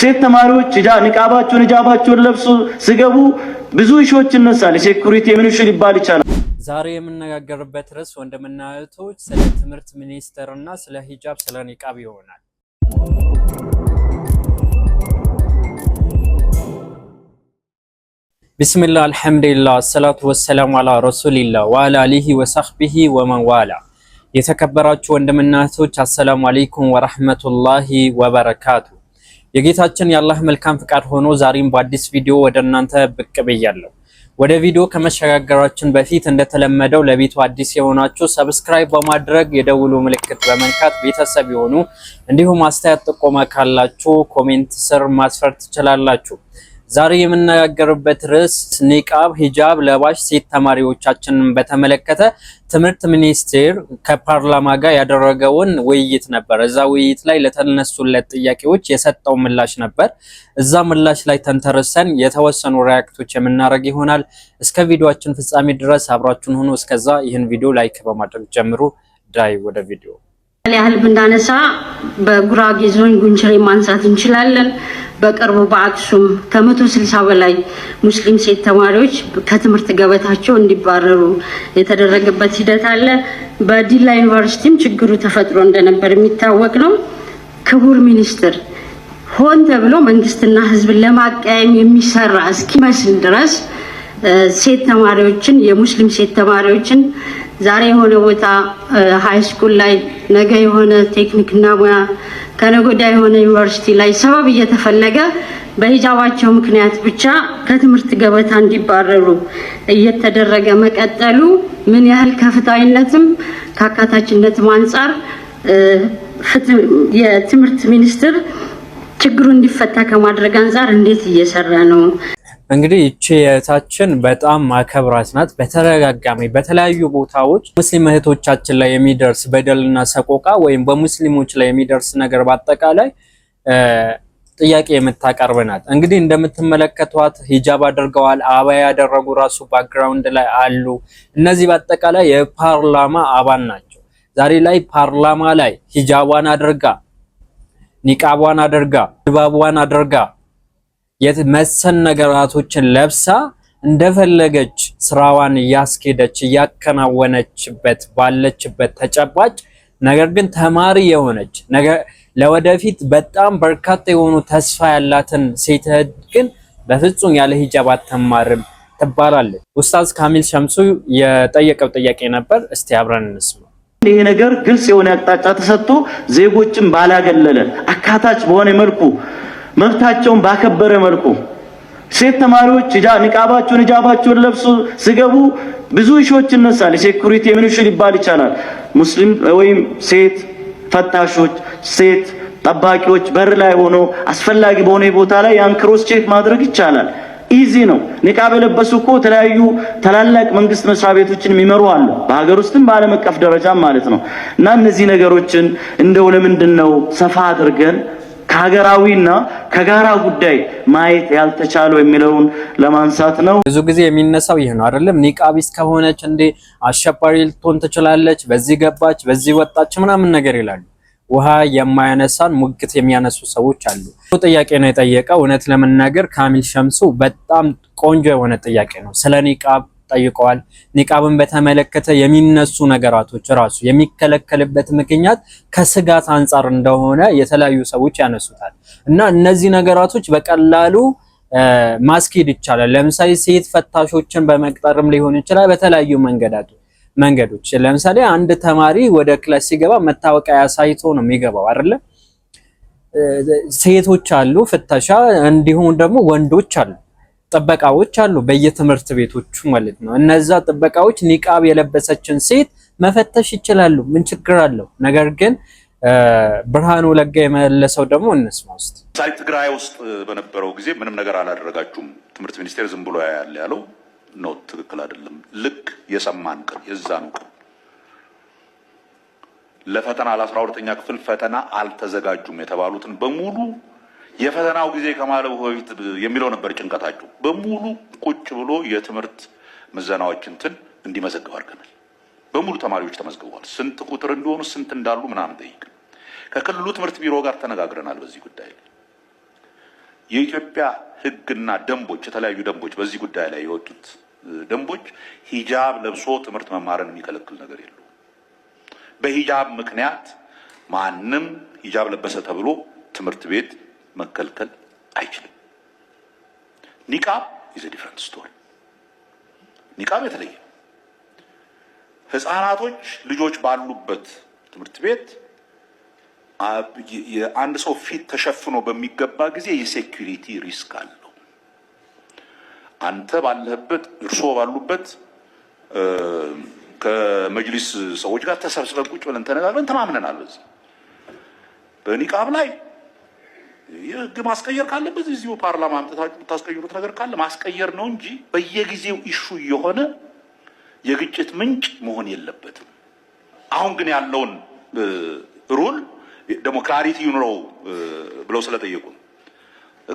ሴት ተማሪዎች ንቃባቸውን ሂጃባቸውን ለብሶ ሲገቡ ብዙ ኢሹዎች ይነሳል። ሴኩሪቲ የምን ሊባል ይቻላል። ዛሬ የምነጋገርበት ርዕስ ወንድምና እህቶች ስለ ትምህርት ሚኒስቴር እና ስለ ሂጃብ ስለ ኒቃብ ይሆናል። ቢስሚላ አልሐምዱሊላ አሰላቱ ወሰላሙ አላ ረሱሊላ ዋላ አሊሂ ወሳህቢሂ ወመንዋላ የተከበራችሁ ወንድምና እህቶች አሰላሙ አለይኩም ወረህመቱላሂ ወበረካቱ የጌታችን የአላህ መልካም ፍቃድ ሆኖ ዛሬም በአዲስ ቪዲዮ ወደ እናንተ ብቅ ብያለሁ። ወደ ቪዲዮ ከመሸጋገራችን በፊት እንደተለመደው ለቤቱ አዲስ የሆናችሁ ሰብስክራይብ በማድረግ የደውሉ ምልክት በመንካት ቤተሰብ የሆኑ እንዲሁም አስተያየት ጥቆማ ካላችሁ ኮሜንት ስር ማስፈር ትችላላችሁ። ዛሬ የምነጋገርበት ርዕስ ኒቃብ ሂጃብ ለባሽ ሴት ተማሪዎቻችንን በተመለከተ ትምህርት ሚኒስቴር ከፓርላማ ጋር ያደረገውን ውይይት ነበር። እዛ ውይይት ላይ ለተነሱለት ጥያቄዎች የሰጠው ምላሽ ነበር። እዛ ምላሽ ላይ ተንተርሰን የተወሰኑ ሪያክቶች የምናደርግ ይሆናል። እስከ ቪዲዮችን ፍጻሜ ድረስ አብራችሁን ሆኖ እስከዛ ይህን ቪዲዮ ላይክ በማድረግ ጀምሩ። ዳይ ወደ ቪዲዮ ያህል ብናነሳ በጉራጌ ዞን ጉንችሬ ማንሳት እንችላለን። በቅርቡ በአክሱም ከመቶ ስልሳ በላይ ሙስሊም ሴት ተማሪዎች ከትምህርት ገበታቸው እንዲባረሩ የተደረገበት ሂደት አለ። በዲላ ዩኒቨርሲቲም ችግሩ ተፈጥሮ እንደነበር የሚታወቅ ነው። ክቡር ሚኒስትር ሆን ተብሎ መንግስትና ህዝብ ለማቀያየም የሚሰራ እስኪመስል ድረስ ሴት ተማሪዎችን የሙስሊም ሴት ተማሪዎችን ዛሬ የሆነ ቦታ ሃይስኩል ላይ ነገ የሆነ ቴክኒክና ሙያ ከነጎዳ የሆነ ዩኒቨርሲቲ ላይ ሰበብ እየተፈለገ በሂጃባቸው ምክንያት ብቻ ከትምህርት ገበታ እንዲባረሩ እየተደረገ መቀጠሉ ምን ያህል ከፍትሃዊነትም ከአካታችነትም አንጻር የትምህርት ሚኒስትር ችግሩ እንዲፈታ ከማድረግ አንጻር እንዴት እየሰራ ነው? እንግዲህ ይቺ እህታችን በጣም ማከብራት ናት። በተደጋጋሚ በተለያዩ ቦታዎች ሙስሊም እህቶቻችን ላይ የሚደርስ በደልና ሰቆቃ ወይም በሙስሊሞች ላይ የሚደርስ ነገር በአጠቃላይ ጥያቄ የምታቀርብ ናት። እንግዲህ እንደምትመለከቷት ሂጃብ አድርገዋል። አባ ያደረጉ ራሱ ባክግራውንድ ላይ አሉ። እነዚህ በአጠቃላይ የፓርላማ አባል ናቸው። ዛሬ ላይ ፓርላማ ላይ ሂጃቧን አድርጋ ኒቃቧን አድርጋ ድባቧን አድርጋ የመሰን ነገራቶችን ለብሳ እንደፈለገች ስራዋን እያስኬደች እያከናወነችበት ባለችበት ተጨባጭ ነገር ግን ተማሪ የሆነች ለወደፊት በጣም በርካታ የሆኑ ተስፋ ያላትን ሴት ግን በፍጹም ያለ ሂጃብ አትማርም ትባላለች። ኡስታዝ ካሚል ሸምሱ የጠየቀው ጥያቄ ነበር። እስቲ አብረን እንስማ። ይሄ ነገር ግልጽ የሆነ አቅጣጫ ተሰጥቶ ዜጎችን ባላገለለ አካታች በሆነ መልኩ መብታቸውን ባከበረ መልኩ ሴት ተማሪዎች ንቃባቸውን ሂጃባቸውን ለብሶ ሲገቡ ብዙ እሾች ይነሳል። ሴኩሪቲ የምንሹ ሊባል ይቻላል። ሙስሊም ወይም ሴት ፈታሾች፣ ሴት ጠባቂዎች በር ላይ ሆኖ አስፈላጊ በሆነ ቦታ ላይ ያን ክሮስ ቼክ ማድረግ ይቻላል። ኢዚ ነው። ንቃብ የለበሱ እኮ የተለያዩ ታላላቅ መንግስት መስሪያ ቤቶችን የሚመሩ አሉ፣ በሀገር ውስጥም በዓለም አቀፍ ደረጃም ማለት ነው። እና እነዚህ ነገሮችን እንደው ለምንድን ነው ሰፋ አድርገን ከሀገራዊና ከጋራ ጉዳይ ማየት ያልተቻለው የሚለውን ለማንሳት ነው። ብዙ ጊዜ የሚነሳው ይህ ነው አይደለም። ኒቃቢስ ከሆነች እንዴ አሸባሪ ልትሆን ትችላለች፣ በዚህ ገባች፣ በዚህ ወጣች ምናምን ነገር ይላሉ። ውሃ የማያነሳን ሙግት የሚያነሱ ሰዎች አሉ። ጥያቄ ነው የጠየቀው። እውነት ለመናገር ካሚል ሸምሱ በጣም ቆንጆ የሆነ ጥያቄ ነው። ስለ ኒቃብ ጠይቀዋል። ኒቃብን በተመለከተ የሚነሱ ነገራቶች ራሱ የሚከለከልበት ምክንያት ከስጋት አንጻር እንደሆነ የተለያዩ ሰዎች ያነሱታል እና እነዚህ ነገራቶች በቀላሉ ማስኬድ ይቻላል። ለምሳሌ ሴት ፈታሾችን በመቅጠርም ሊሆን ይችላል። በተለያዩ መንገዳቱ መንገዶች ለምሳሌ አንድ ተማሪ ወደ ክላስ ሲገባ መታወቂያ ያሳይቶ ነው የሚገባው አይደለ? ሴቶች አሉ ፍተሻ፣ እንዲሁም ደግሞ ወንዶች አሉ ጥበቃዎች አሉ በየትምህርት ቤቶቹ ማለት ነው። እነዛ ጥበቃዎች ኒቃብ የለበሰችን ሴት መፈተሽ ይችላሉ። ምን ችግር አለው? ነገር ግን ብርሃኑ ለጋ የመለሰው ደግሞ እነሱ ውስጥ ሳይ ትግራይ ውስጥ በነበረው ጊዜ ምንም ነገር አላደረጋችሁም ትምህርት ሚኒስቴር ዝም ብሎ ያያል ያለው ነው ትክክል አይደለም። ልክ የሰማን ቀን የዛኑ ቀን ለፈተና ለአስራ ሁለተኛ ክፍል ፈተና አልተዘጋጁም የተባሉትን በሙሉ የፈተናው ጊዜ ከማለፉ በፊት የሚለው ነበር ጭንቀታችሁ። በሙሉ ቁጭ ብሎ የትምህርት ምዘናዎች እንትን እንዲመዘግብ አድርገናል። በሙሉ ተማሪዎች ተመዝግበዋል። ስንት ቁጥር እንደሆኑ ስንት እንዳሉ ምናምን ጠይቅ ከክልሉ ትምህርት ቢሮ ጋር ተነጋግረናል። በዚህ ጉዳይ ላይ የኢትዮጵያ ሕግና ደንቦች የተለያዩ ደንቦች በዚህ ጉዳይ ላይ የወጡት ደንቦች ሂጃብ ለብሶ ትምህርት መማርን የሚከለክል ነገር የለውም። በሂጃብ ምክንያት ማንም ሂጃብ ለበሰ ተብሎ ትምህርት ቤት መከልከል አይችልም። ኒቃብ ኢዝ ዲፍረንት ስቶሪ። ኒቃብ የተለየ ህፃናቶች ልጆች ባሉበት ትምህርት ቤት የአንድ ሰው ፊት ተሸፍኖ በሚገባ ጊዜ የሴኪሪቲ ሪስክ አለው። አንተ ባለህበት እርሶ ባሉበት ከመጅሊስ ሰዎች ጋር ተሰብስበን ቁጭ ብለን ተነጋግረን ተማምነናል። በዚህ በኒቃብ ላይ የህግ ማስቀየር ካለበት እዚሁ ፓርላማ አምጥታችሁ የምታስቀይሩት ነገር ካለ ማስቀየር ነው እንጂ በየጊዜው ኢሹ የሆነ የግጭት ምንጭ መሆን የለበትም። አሁን ግን ያለውን ሩል ደግሞ ክላሪቲ ይኑረው ብለው ስለጠየቁ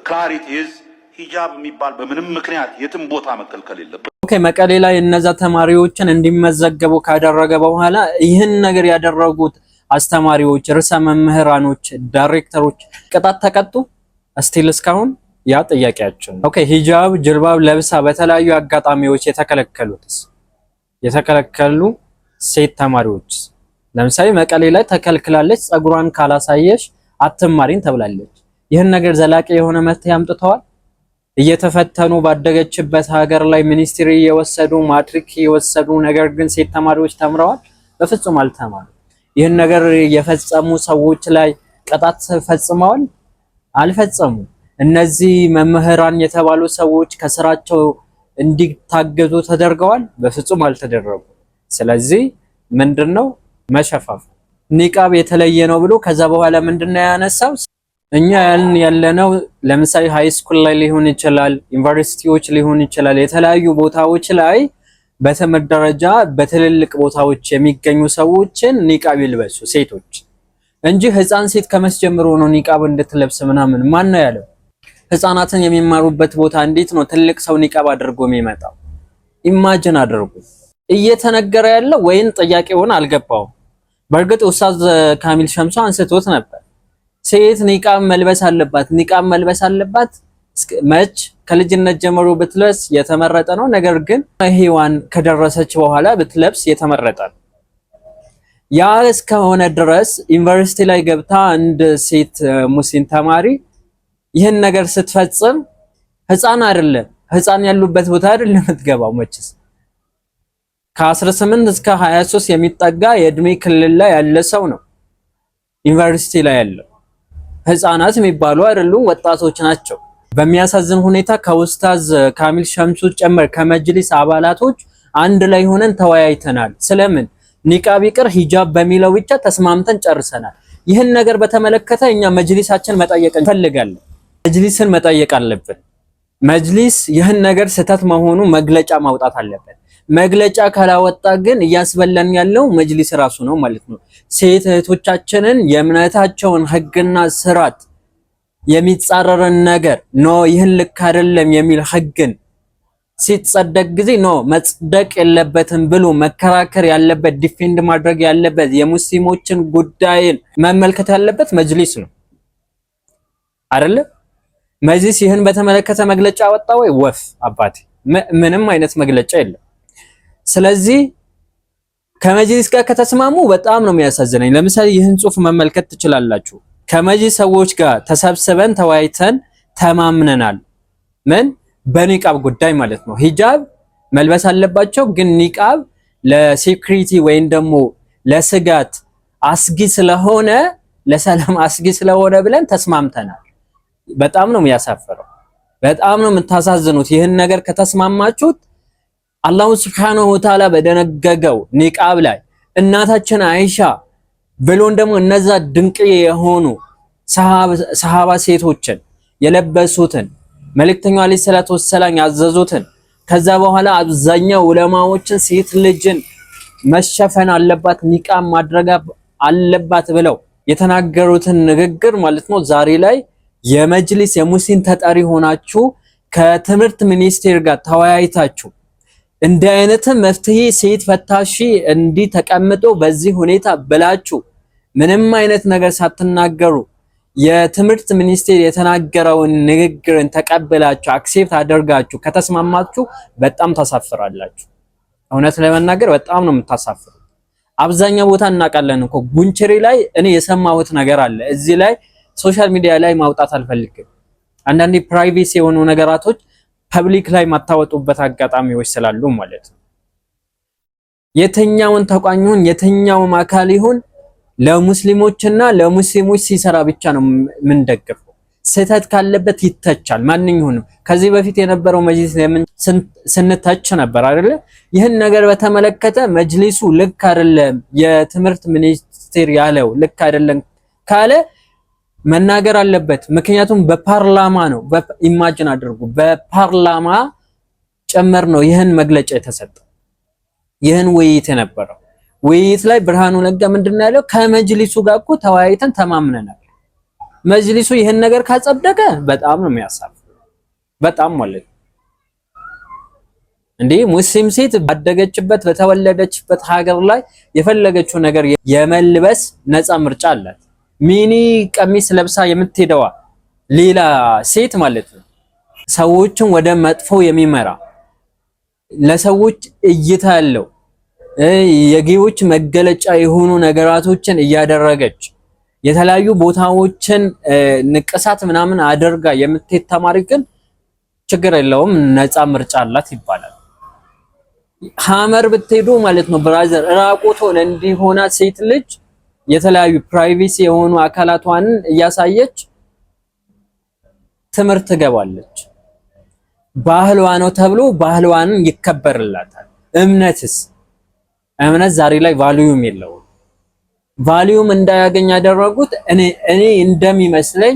ክላሪቲ ዝ ሂጃብ የሚባል በምንም ምክንያት የትም ቦታ መከልከል የለበት። ኦኬ መቀሌ ላይ እነዛ ተማሪዎችን እንዲመዘገቡ ካደረገ በኋላ ይህን ነገር ያደረጉት አስተማሪዎች፣ ርዕሰ መምህራኖች፣ ዳይሬክተሮች ቅጣት ተቀጡ? እስቲል እስካሁን ያ ጥያቄያችን። ኦኬ ሂጃብ ጅልባብ ለብሳ በተለያዩ አጋጣሚዎች የተከለከሉት የተከለከሉ ሴት ተማሪዎች ለምሳሌ መቀሌ ላይ ተከልክላለች። ጸጉሯን ካላሳየሽ አትማሪን ተብላለች። ይህን ነገር ዘላቂ የሆነ መፍትሄ አምጥተዋል? እየተፈተኑ ባደገችበት ሀገር ላይ ሚኒስትሪ የወሰዱ ማትሪክ የወሰዱ ነገር ግን ሴት ተማሪዎች ተምረዋል? በፍጹም አልተማሩ። ይህን ነገር የፈጸሙ ሰዎች ላይ ቅጣት ፈጽመዋል? አልፈጸሙ። እነዚህ መምህራን የተባሉ ሰዎች ከስራቸው እንዲታገዙ ተደርገዋል? በፍጹም አልተደረጉ ስለዚህ ምንድን ነው መሸፋፍ ኒቃብ የተለየ ነው ብሎ ከዛ በኋላ ምንድን ያነሳው? እኛ ያልን ያለነው ለምሳሌ ሃይስኩል ላይ ሊሆን ይችላል፣ ዩኒቨርሲቲዎች ሊሆን ይችላል፣ የተለያዩ ቦታዎች ላይ በተመድ ደረጃ በትልልቅ ቦታዎች የሚገኙ ሰዎችን ኒቃብ ይልበሱ ሴቶች እንጂ ህፃን ሴት ከመስጀምሮ ነው ኒቃብ እንድትለብስ ምናምን ማን ነው ያለው? ህፃናትን የሚማሩበት ቦታ እንዴት ነው ትልቅ ሰው ኒቃብ አድርጎ የሚመጣው? ኢማጅን አድርጉ። እየተነገረ ያለው ወይን ጥያቄውን አልገባውም። በእርግጥ ኡስታዝ ካሚል ሸምሶ አንስቶት ነበር። ሴት ኒቃብ መልበስ አለባት፣ ኒቃብ መልበስ አለባት መች ከልጅነት ጀምሮ ብትለብስ የተመረጠ ነው። ነገር ግን ሔዋን ከደረሰች በኋላ ብትለብስ የተመረጠ ነው። ያ እስከሆነ ድረስ ዩኒቨርሲቲ ላይ ገብታ አንድ ሴት ሙስሊም ተማሪ ይህን ነገር ስትፈጽም ህፃን አይደለም፣ ህፃን ያሉበት ቦታ አይደለም የምትገባው። መችስ ከ18 እስከ 23 የሚጠጋ የእድሜ ክልል ላይ ያለ ሰው ነው ዩኒቨርሲቲ ላይ ያለው። ህፃናት የሚባሉ አይደሉም፣ ወጣቶች ናቸው። በሚያሳዝን ሁኔታ ከውስታዝ ካሚል ሸምሱ ጨምር ከመጅሊስ አባላቶች አንድ ላይ ሆነን ተወያይተናል። ስለምን ኒቃብ ይቅር ሂጃብ በሚለው ብቻ ተስማምተን ጨርሰናል። ይህን ነገር በተመለከተ እኛ መጅሊሳችን መጠየቅ እንፈልጋለን። መጅሊስን መጠየቅ አለብን። መጅሊስ ይህን ነገር ስህተት መሆኑ መግለጫ ማውጣት አለበት። መግለጫ ካላወጣ ግን እያስበላን ያለው መጅሊስ ራሱ ነው ማለት ነው። ሴት እህቶቻችንን የእምነታቸውን ህግና ስርዓት የሚጻረርን ነገር ኖ ይህን ልክ አይደለም የሚል ህግን ሲጸደቅ ጊዜ ኖ መጽደቅ የለበትም ብሎ መከራከር ያለበት ዲፌንድ ማድረግ ያለበት የሙስሊሞችን ጉዳይን መመልከት ያለበት መጅሊስ ነው አይደለ? መጅሊስ ይህን በተመለከተ መግለጫ ወጣ ወይ? ወፍ አባቴ ምንም አይነት መግለጫ የለም። ስለዚህ ከመጅሊስ ጋር ከተስማሙ በጣም ነው የሚያሳዝነኝ። ለምሳሌ ይህን ጽሁፍ መመልከት ትችላላችሁ። ከመጂ ሰዎች ጋር ተሰብስበን ተወያይተን ተማምነናል። ምን በኒቃብ ጉዳይ ማለት ነው። ሂጃብ መልበስ አለባቸው፣ ግን ኒቃብ ለሴኩሪቲ ወይም ደግሞ ለስጋት አስጊ ስለሆነ ለሰላም አስጊ ስለሆነ ብለን ተስማምተናል። በጣም ነው የሚያሳፍረው። በጣም ነው የምታሳዝኑት። ይህን ነገር ከተስማማችሁት አላሁ ስብሐነሁ ወተዓላ በደነገገው ኒቃብ ላይ እናታችን አይሻ ብሎን ደግሞ እነዛ ድንቅ የሆኑ ሰሃባ ሴቶችን የለበሱትን መልእክተኛው አለይሂ ሰላቱ ወሰላም ያዘዙትን ከዛ በኋላ አብዛኛው ዑለማዎችን ሴት ልጅን መሸፈን አለባት ኒቃብ ማድረግ አለባት ብለው የተናገሩትን ንግግር ማለት ነው። ዛሬ ላይ የመጅሊስ የሙስሊም ተጠሪ ሆናችሁ ከትምህርት ሚኒስቴር ጋር ተወያይታችሁ እንዲህ አይነት መፍትሄ ሴት ፈታሺ እንዲህ ተቀምጦ በዚህ ሁኔታ ብላችሁ ምንም አይነት ነገር ሳትናገሩ የትምህርት ሚኒስቴር የተናገረውን ንግግርን ተቀብላችሁ አክሴፕት አድርጋችሁ ከተስማማችሁ በጣም ታሳፍራላችሁ። እውነት ለመናገር በጣም ነው የምታሳፍሩ። አብዛኛው ቦታ እናውቃለን እኮ ጉንችሪ ላይ እኔ የሰማሁት ነገር አለ። እዚህ ላይ ሶሻል ሚዲያ ላይ ማውጣት አልፈልግም። አንዳንዴ ፕራይቬሲ የሆኑ ነገራቶች ፐብሊክ ላይ ማታወጡበት አጋጣሚዎች ስላሉ ማለት ነው። የተኛውን ተቋም ይሁን የተኛውም አካል ይሁን ለሙስሊሞችና ለሙስሊሞች ሲሰራ ብቻ ነው የምንደግፈው። ስህተት ካለበት ይተቻል። ማንኛውንም ከዚህ በፊት የነበረው መጅሊስ ስንተች ነበር አይደለ? ይህን ነገር በተመለከተ መጅሊሱ ልክ አይደለም፣ የትምህርት ሚኒስቴር ያለው ልክ አይደለም ካለ መናገር አለበት። ምክንያቱም በፓርላማ ነው። ኢማጅን አድርጉ፣ በፓርላማ ጨመር ነው ይህን መግለጫ የተሰጠው ይህን ውይይት የነበረው ውይይት ላይ ብርሃኑ ነጋ ምንድን ያለው ከመጅሊሱ ጋር እኮ ተወያይተን ተማምነናል። መጅሊሱ ይህን ነገር ካጸደቀ በጣም ነው የሚያሳፍ በጣም ማለት እንዴ ሙስሊም ሴት ባደገችበት በተወለደችበት ሀገር ላይ የፈለገችው ነገር የመልበስ ነፃ ምርጫ አላት። ሚኒ ቀሚስ ለብሳ የምትሄደዋ ሌላ ሴት ማለት ነው። ሰዎችን ወደ መጥፎ የሚመራ ለሰዎች እይታ ያለው የጌዎች መገለጫ የሆኑ ነገራቶችን እያደረገች የተለያዩ ቦታዎችን ንቅሳት ምናምን አድርጋ የምትሄድ ተማሪ ግን ችግር የለውም ነፃ ምርጫ አላት ይባላል። ሀመር ብትሄዱ ማለት ነው ብራዘር ራቆቶን እንዲሆና ሴት ልጅ የተለያዩ ፕራይቬሲ የሆኑ አካላቷን እያሳየች ትምህርት ትገባለች። ባህሏ ነው ተብሎ ባህሏን ይከበርላታል። እምነትስ እምነት ዛሬ ላይ ቫልዩም የለውም። ቫልዩም እንዳያገኝ ያደረጉት እኔ እኔ እንደሚመስለኝ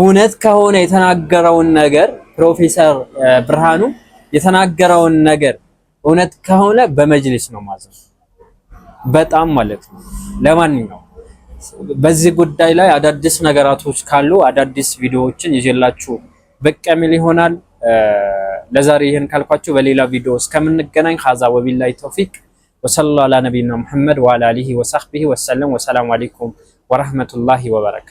እውነት ከሆነ የተናገረውን ነገር ፕሮፌሰር ብርሃኑ የተናገረውን ነገር እውነት ከሆነ በመጅሊስ ነው ማዘዝ በጣም ማለት ነው። ለማንኛውም በዚህ ጉዳይ ላይ አዳዲስ ነገራቶች ካሉ አዳዲስ ቪዲዮዎችን ይዤላችሁ ብቅ የሚል ይሆናል። ለዛሬ ይህን ካልኳችሁ በሌላ ቪዲዮ እስከምንገናኝ ሀዛ ወቢላይ ተውፊቅ ወሰላ አላ ነቢና ሙሐመድ ወአላ አሊሂ ወሳህቢሂ ወሰለም። ወሰላሙ አለይኩም ወረህመቱላሂ ወበረካቱ